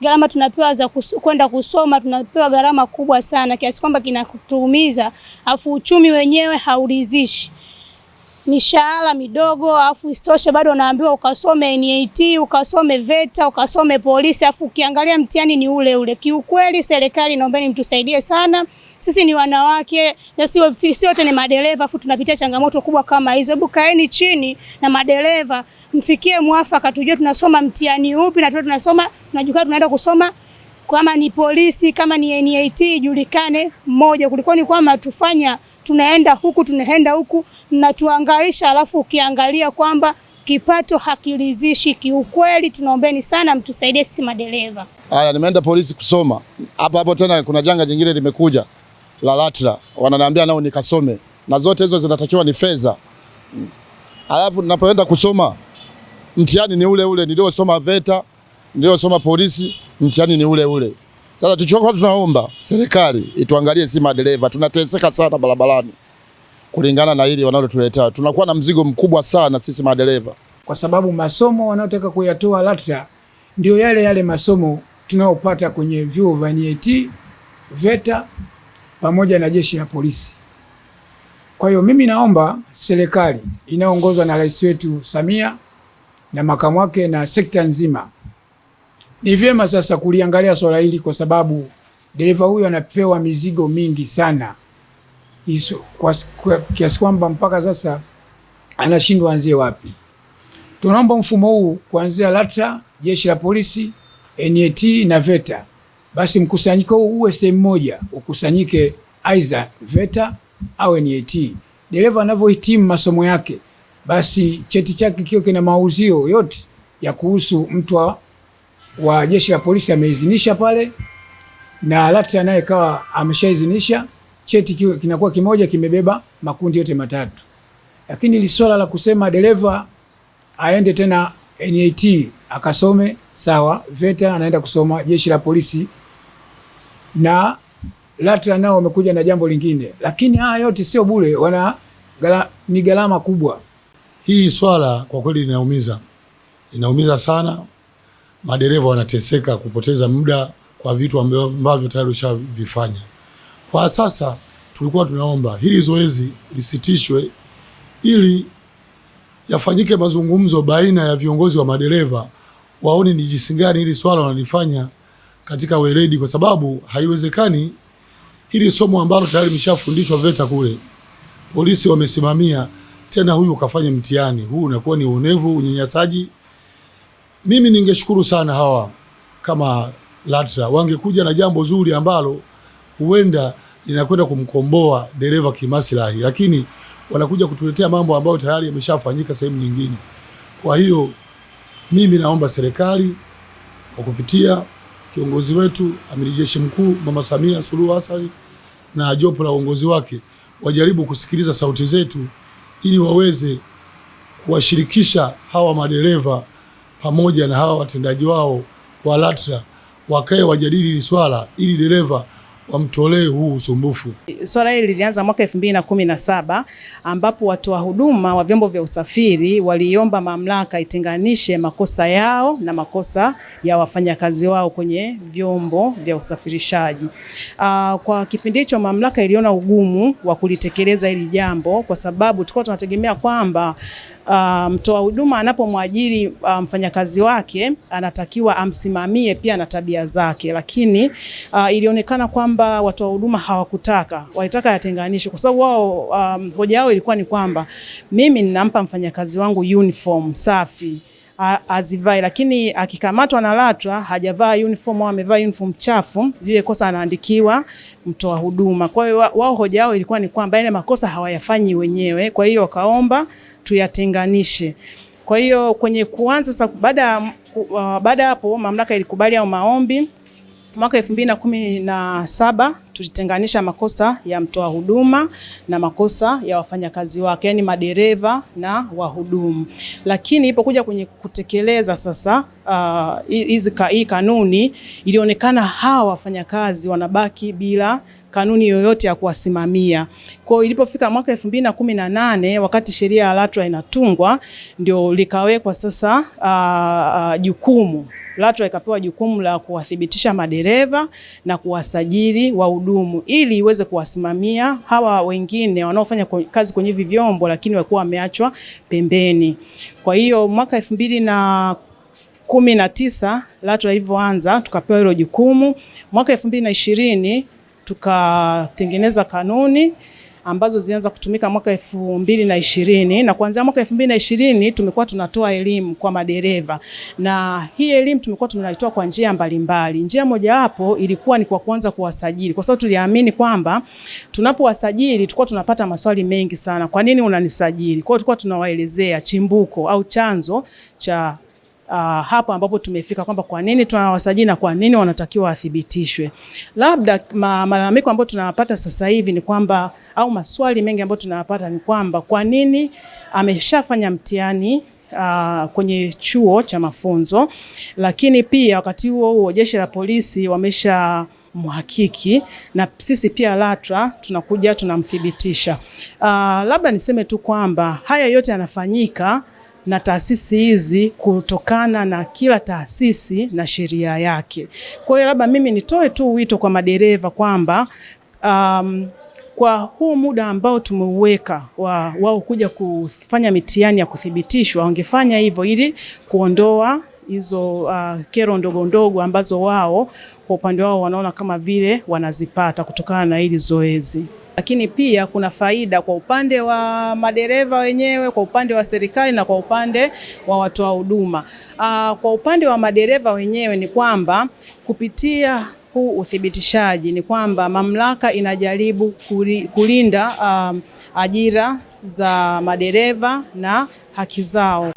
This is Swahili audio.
gharama tunapewa za kwenda kusu, kusoma tunapewa gharama kubwa sana kiasi kwamba kinatuumiza, afu uchumi wenyewe hauridhishi, mishahara midogo, afu isitoshe bado unaambiwa ukasome NIT, ukasome VETA, ukasome polisi, afu ukiangalia mtihani ni ule ule. Kiukweli serikali, naombeni mtusaidie sana sisi ni wanawake na si wote ni madereva, afu tunapitia changamoto kubwa kama hizo. Hebu kaeni chini na madereva mfikie mwafaka, tujue tunasoma mtihani upi na tunasoma tunajua tunaenda kusoma kama ni polisi kama ni NIT ijulikane mmoja kuliko ni kwamba tufanya tunaenda huku tunaenda huku na tuangaisha, alafu ukiangalia kwamba kipato hakiridhishi kiukweli. Tunaombeni sana mtusaidie sisi madereva. Haya, nimeenda polisi kusoma hapa hapo, tena kuna janga jingine limekuja la LATRA wananiambia nao nikasome, na zote hizo zinatakiwa ni fedha. Alafu ninapoenda kusoma mtihani ni ule ule niliosoma VETA, niliosoma polisi, mtihani ni ule ule. Sasa tuchoka, tunaomba serikali ituangalie, si madereva tunateseka sana barabarani kulingana na hili wanalotuletea, tunakuwa na mzigo mkubwa sana sisi madereva, kwa sababu masomo wanaotaka kuyatoa LATRA ndio yale yale masomo tunaopata kwenye vyuo vya NIT, VETA pamoja na jeshi la polisi. Kwa hiyo mimi naomba serikali inayoongozwa na rais wetu Samia na makamu wake na sekta nzima, ni vyema sasa kuliangalia swala hili, kwa sababu dereva huyu anapewa mizigo mingi sana kwa kiasi kwamba mpaka sasa anashindwa anzie wapi. Tunaomba mfumo huu kuanzia LATRA, jeshi la polisi, NAT na VETA basi mkusanyiko huu uwe sehemu moja, ukusanyike aidha VETA au NET. Dereva anavyohitimu masomo yake, basi cheti chake kio kina mauzio yote ya kuhusu mtu wa jeshi la polisi ameidhinisha pale, na LATRA naye kawa ameshaidhinisha. Cheti kio kinakuwa kimoja, kimebeba makundi yote matatu. Lakini ili swala la kusema dereva aende tena NET akasome sawa, VETA anaenda kusoma jeshi la polisi na LATRA nao wamekuja na jambo lingine, lakini haya yote sio bure, wana gala, ni gharama kubwa. Hii swala kwa kweli inaumiza, inaumiza sana. Madereva wanateseka kupoteza muda kwa vitu ambavyo tayari ushavifanya. Kwa sasa tulikuwa tunaomba hili zoezi lisitishwe ili yafanyike mazungumzo baina ya viongozi wa madereva waone ni jinsi gani hili swala wanalifanya katika weledi, kwa sababu haiwezekani hili somo ambalo tayari mshafundishwa VETA kule, polisi wamesimamia tena, huyu ukafanya mtihani huu, unakuwa ni uonevu, unyanyasaji. Mimi ningeshukuru sana hawa kama LATRA wangekuja na jambo zuri ambalo huenda linakwenda kumkomboa dereva kimaslahi, lakini wanakuja kutuletea mambo ambayo tayari yameshafanyika sehemu nyingine. Kwa hiyo mimi naomba serikali kwa kupitia kiongozi wetu amiri jeshi mkuu Mama Samia Suluhu Hassan na jopo la uongozi wake wajaribu kusikiliza sauti zetu ili waweze kuwashirikisha hawa madereva pamoja na hawa watendaji wao wa LATRA wakae wajadili hili swala ili dereva wamtolee huu usumbufu. Swala hili lilianza mwaka elfu mbili na kumi na saba ambapo watoa huduma wa vyombo vya usafiri waliomba mamlaka itenganishe makosa yao na makosa ya wafanyakazi wao kwenye vyombo vya usafirishaji. Aa, ah, kwa kipindi hicho mamlaka iliona ugumu wa kulitekeleza hili jambo kwa sababu tulikuwa tunategemea kwamba Ah, mtoa um, huduma anapomwajiri ah, mfanyakazi um, wake anatakiwa amsimamie pia na tabia zake, lakini uh, ilionekana kwamba watoa huduma hawakutaka, walitaka yatenganishwe kwa sababu wao hoja yao ilikuwa ni kwamba mimi ninampa mfanyakazi wangu uniform safi azivai, lakini akikamatwa na LATRA hajavaa uniform au amevaa uniform chafu, ile kosa anaandikiwa mtoa huduma. Kwa hiyo wao hoja yao ilikuwa ni kwamba yale makosa hawayafanyi wenyewe, kwa hiyo wakaomba tuyatenganishe. Kwa hiyo kwenye kuanza sasa, baada uh, baada hapo mamlaka ilikubali au maombi Mwaka elfu mbili na kumi na saba tulitenganisha makosa ya mtoa huduma na makosa ya wafanyakazi wake, yani madereva na wahudumu. Lakini ipokuja kwenye kutekeleza sasa uh, hizi uh, hii kanuni, ilionekana hawa wafanyakazi wanabaki bila kanuni yoyote ya kuwasimamia. Kwa hiyo ilipofika mwaka elfu mbili na kumi na nane wakati sheria ya LATRA inatungwa, ndio likawekwa sasa jukumu uh, uh, LATRA ikapewa jukumu la kuwathibitisha madereva na kuwasajili wahudumu ili iweze kuwasimamia hawa wengine wanaofanya kazi kwenye hivi vyombo, lakini walikuwa wameachwa pembeni. Kwa hiyo mwaka elfu mbili na kumi na tisa LATRA ilivyoanza tukapewa hilo jukumu. Mwaka elfu mbili na ishirini tukatengeneza kanuni ambazo zilianza kutumika mwaka elfu mbili na ishirini na kuanzia mwaka elfu mbili na ishirini tumekuwa tunatoa elimu kwa madereva, na hii elimu tumekuwa tunaitoa kwa njia mbalimbali. Njia mojawapo ilikuwa ni kwa kuanza kuwasajili, kwa sababu tuliamini kwamba tunapowasajili tulikuwa tunapata maswali mengi sana, kwa nini unanisajili? Kwa hiyo tulikuwa tunawaelezea chimbuko au chanzo cha uh, hapa ambapo tumefika kwamba kwa nini tunawasajili na kwa nini wanatakiwa wathibitishwe. Labda malalamiko ambayo tunayapata sasa hivi ni kwamba, au maswali mengi ambayo tunayapata ni kwamba kwa nini ameshafanya mtihani Uh, kwenye chuo cha mafunzo lakini pia wakati huo huo jeshi la polisi wamesha mhakiki na sisi pia LATRA tunakuja tunamthibitisha. Uh, labda niseme tu kwamba haya yote yanafanyika na taasisi hizi kutokana na kila taasisi na sheria yake. Kwa hiyo labda mimi nitoe tu wito kwa madereva kwamba um, kwa huu muda ambao tumeuweka wa wao kuja kufanya mitihani ya kuthibitishwa, wangefanya hivyo ili kuondoa hizo uh, kero ndogo ndogo ambazo wao kwa upande wao wanaona kama vile wanazipata kutokana na hili zoezi lakini pia kuna faida kwa upande wa madereva wenyewe, kwa upande wa serikali na kwa upande wa watoa huduma. Ah, kwa upande wa madereva wenyewe ni kwamba kupitia huu uthibitishaji ni kwamba mamlaka inajaribu kulinda um, ajira za madereva na haki zao.